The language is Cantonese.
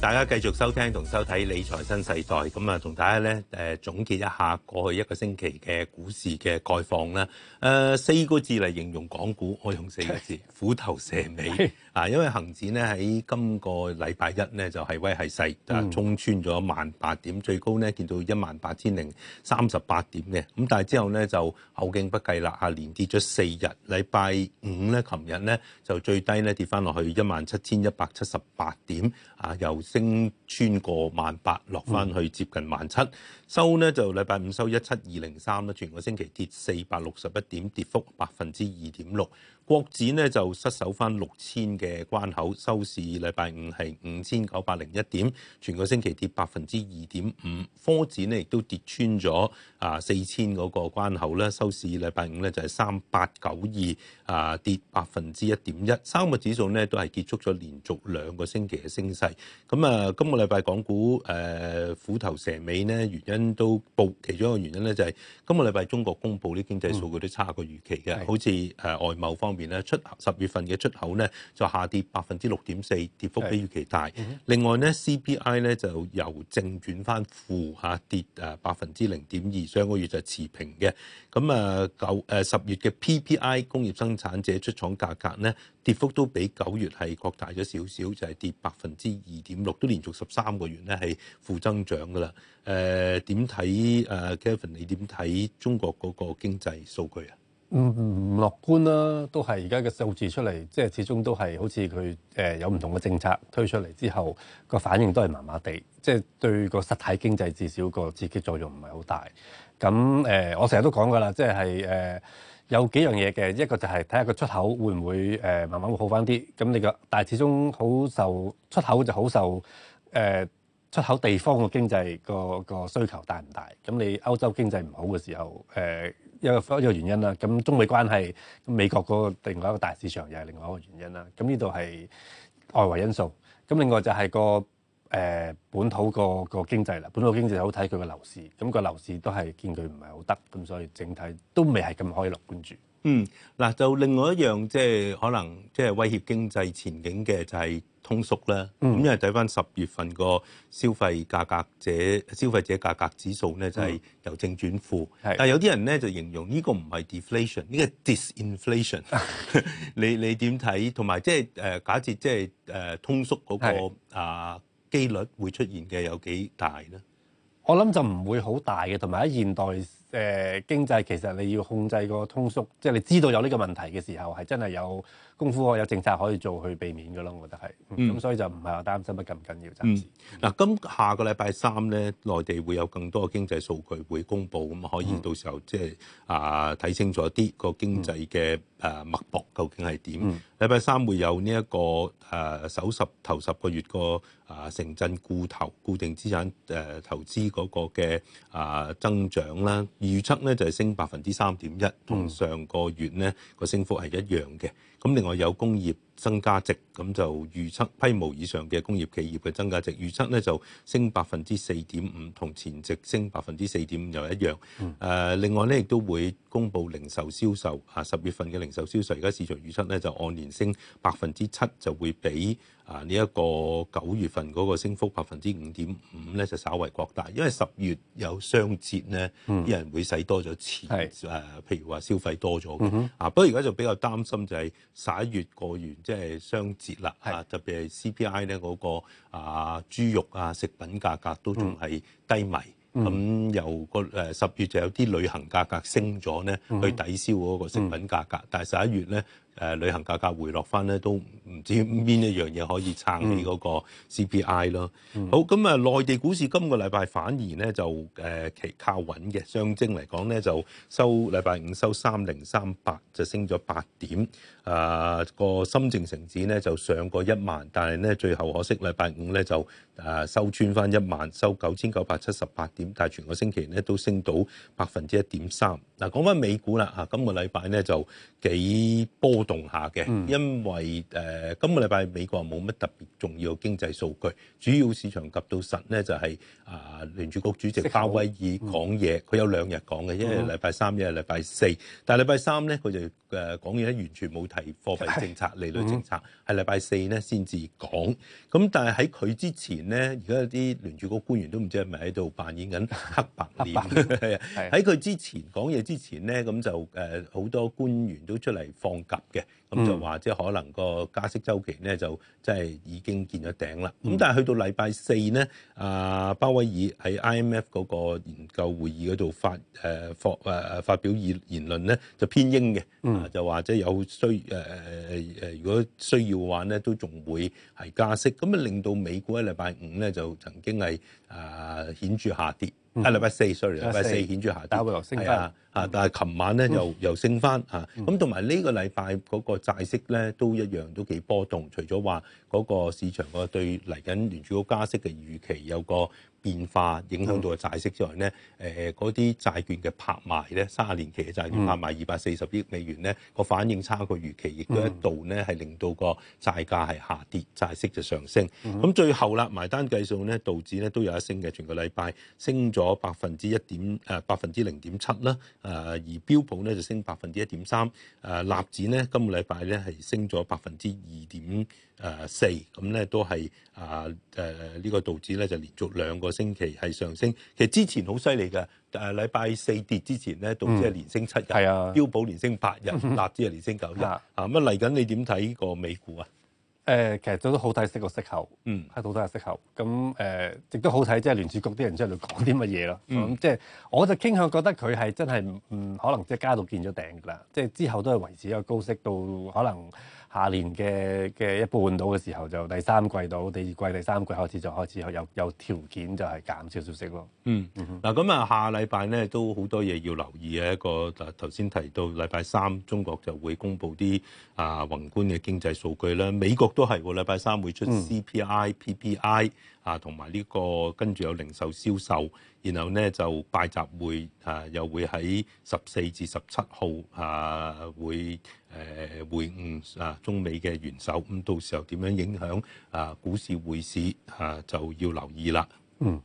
大家繼續收聽同收睇《理財新世代》，咁啊，同大家咧誒總結一下過去一個星期嘅股市嘅概況啦。誒、呃，四個字嚟形容港股，我用四個字：虎頭蛇尾。啊的，因為恒指呢喺今個禮拜一呢就係威係勢，啊的，衝穿咗萬八點，最高呢見到一萬八千零三十八點嘅。咁但係之後呢就後勁不繼啦，啊，連跌咗四日。禮拜五呢，琴日呢就最低呢跌翻落去一萬七千一百七十八點啊。呃又升穿過萬八，落翻去接近萬七，嗯。收呢就禮拜五收一七二零三啦，全個星期跌四百六十一點，跌幅百分之二點六。國指呢就失守翻六千嘅關口，收市禮拜五係五千九百零一點，全個星期跌百分之二點五。科指呢亦都跌穿咗啊四千嗰個關口咧，收市禮拜五呢就係三八九二，啊跌百分之一點一。三個指數呢都係結束咗連續兩個星期嘅升勢。咁啊，今個禮拜港股誒、呃、虎頭蛇尾呢原因都報其中一個原因呢就係、是、今個禮拜中國公布啲經濟數據都差過預期嘅，嗯、好似外貿方面。面咧出十月份嘅出口咧就下跌百分之六點四，跌幅比預期大。另外咧 CPI 咧就由正轉翻負，下跌啊百分之零點二，上個月就持平嘅。咁啊九誒十月嘅 PPI 工業生產者出廠價格咧跌幅都比九月係擴大咗少少，就係跌百分之二點六，都連續十三個月咧係負增長噶啦。誒點睇誒 Kevin？你點睇中國嗰個經濟數據啊？唔唔樂觀啦，都係而家嘅數字出嚟，即係始終都係好似佢誒有唔同嘅政策推出嚟之後個反應都係麻麻地，即係對個實體經濟至少個刺激作用唔係好大。咁誒、呃，我成日都講噶啦，即係誒、呃、有幾樣嘢嘅，一個就係睇下個出口會唔會誒、呃、慢慢會好翻啲。咁你個，但係始終好受出口就好受誒、呃、出口地方個經濟個個需求大唔大？咁你歐洲經濟唔好嘅時候誒。呃有個原因啦，咁中美關係，美國嗰個另外一個大市場又係另外一個原因啦，咁呢度係外圍因素。咁另外就係個誒、呃、本土個個經濟啦，本土經濟好睇佢個樓市，咁個樓市都係見佢唔係好得，咁所以整體都未係咁可以樂觀住。嗯，嗱，就另外一樣即係可能即係威脅經濟前景嘅就係通縮啦。咁因為睇翻十月份個消費價格者消費者價格指數咧，就係由正轉負。但係有啲人咧就形容呢個唔係 deflation，呢個係 disinflation。你你點睇？同埋即係誒假設即係誒通縮嗰個啊機率會出現嘅有幾大咧？我諗就唔會好大嘅，同埋喺現代。誒經濟其實你要控制個通縮，即係你知道有呢個問題嘅時候，係真係有功夫可有政策可以做去避免噶咯。我覺得係，咁、嗯嗯、所以就唔係話擔心得咁緊要暫時。嗱、嗯，咁下個禮拜三咧，內地會有更多嘅經濟數據會公布，咁可以到時候即係啊睇清楚啲個經濟嘅誒脈搏究竟係點。禮拜、嗯、三會有呢、這、一個誒、啊、首十頭十個月個啊城鎮固投固定資產誒投資嗰個嘅啊增長啦。預測呢就係升百分之三點一，同上個月呢個升幅係一樣嘅。咁另外有工業。增加值，咁就預測規模以上嘅工業企業嘅增加值，預測咧就升百分之四點五，同前值升百分之四點五又一樣。誒、嗯啊，另外咧亦都會公布零售銷售啊，十月份嘅零售銷售而家市場預測咧就按年升百分之七，就會比啊呢一、這個九月份嗰個升幅百分之五點五咧就稍為擴大，因為十月有雙節咧，啲人會使多咗錢誒，譬如話消費多咗、嗯、哼啊，不過而家就比較擔心就係十一月過完。即係相折啦，是特別係 CPI 咧嗰、嗰個啊豬肉啊食品價格都仲係低迷，咁、嗯、由個誒十、呃、月就有啲旅行價格升咗咧，嗯、去抵消嗰個食品價格，嗯、但係十一月咧。誒、呃、旅行價格回落翻咧，都唔知邊一樣嘢可以撐起嗰個 CPI 咯。嗯、好，咁啊，內地股市今個禮拜反而咧就誒期、呃、靠穩嘅，上證嚟講咧就收禮拜五收三零三八，就升咗八點。啊、呃，個深證成指咧就上過一萬，但係咧最後可惜禮拜五咧就啊、呃、收穿翻一萬，收九千九百七十八點，但係全個星期咧都升到百分之一點三。嗱，講翻美股啦嚇，今個禮拜咧就幾波動下嘅，嗯、因為誒、呃、今個禮拜美國冇乜特別重要嘅經濟數據，主要市場及到實咧就係、是、啊聯儲局主席鮑威爾講嘢，佢、嗯、有兩日講嘅，一係禮拜三，一係禮拜四，哦、但係禮拜三咧佢就誒講嘢咧完全冇提貨幣政策、的利率政策，係、嗯、禮拜四咧先至講。咁但係喺佢之前咧，而家啲聯儲局官員都唔知係咪喺度扮演緊黑白臉，喺佢之前講嘢。之前咧咁就誒好、呃、多官員都出嚟放鴿嘅，咁就話即係可能個加息周期咧就即係已經見咗頂啦。咁、嗯、但係去到禮拜四咧，阿、呃、鮑威爾喺 IMF 嗰個研究會議嗰度發誒發誒發表言言論咧，就偏鷹嘅、嗯啊，就話即係有需誒誒誒誒，如果需要嘅話咧都仲會係加息，咁啊令到美股喺禮拜五咧就曾經係誒、呃、顯著下跌，嗯、啊禮拜四 sorry，禮拜四顯著下跌，係啊。啊！但係琴晚咧又又升翻，咁同埋呢個禮拜嗰個債息咧都一樣都幾波動，除咗話嗰個市場個對嚟緊聯儲局加息嘅預期有個變化，影響到個債息之外咧，嗰啲、嗯呃、債券嘅拍賣咧，卅年期嘅債券拍賣二百四十億美元咧，個反應差過預期，亦都一度咧係令到個債價係下跌，債息就上升。咁、嗯嗯、最後啦，埋單計數咧，道指咧都有一升嘅，全個禮拜升咗百分之一點誒百分之零點七啦。呃誒而標普咧就升百分之一點三，誒納指咧今個禮拜咧係升咗百分之二點誒四，咁咧都係誒誒呢個道指咧就連續兩個星期係上升，其實之前好犀利嘅，誒禮拜四跌之前咧道指係連升七日，標普連升八日，納指係連升九日、嗯，啊咁啊嚟緊你點睇呢個美股啊？誒、呃，其實都好睇，息個息口，係好睇下息口。咁誒，亦都好睇，即係、呃、聯儲局啲人出嚟講啲乜嘢咯。咁即係，就我就傾向覺得佢係真係，唔可能即係街度見咗頂㗎啦。即、就、係、是、之後都係維持一個高息到可能、嗯。下年嘅嘅一半到嘅時候，就第三季到第二季、第三季開始就開始有有條件就係減少少息咯、嗯。嗯，嗱咁啊，下禮拜咧都好多嘢要留意嘅，一個，頭先提到禮拜三中國就會公布啲啊宏觀嘅經濟數據啦，美國都係，個禮拜三會出 CPI、嗯、PPI 啊，同埋呢個跟住有零售銷售。然後呢，就拜習會啊，又會喺十四至十七號啊，會誒、呃、會晤啊中美嘅元首，咁到時候點樣影響啊股市匯市啊，就要留意啦。嗯。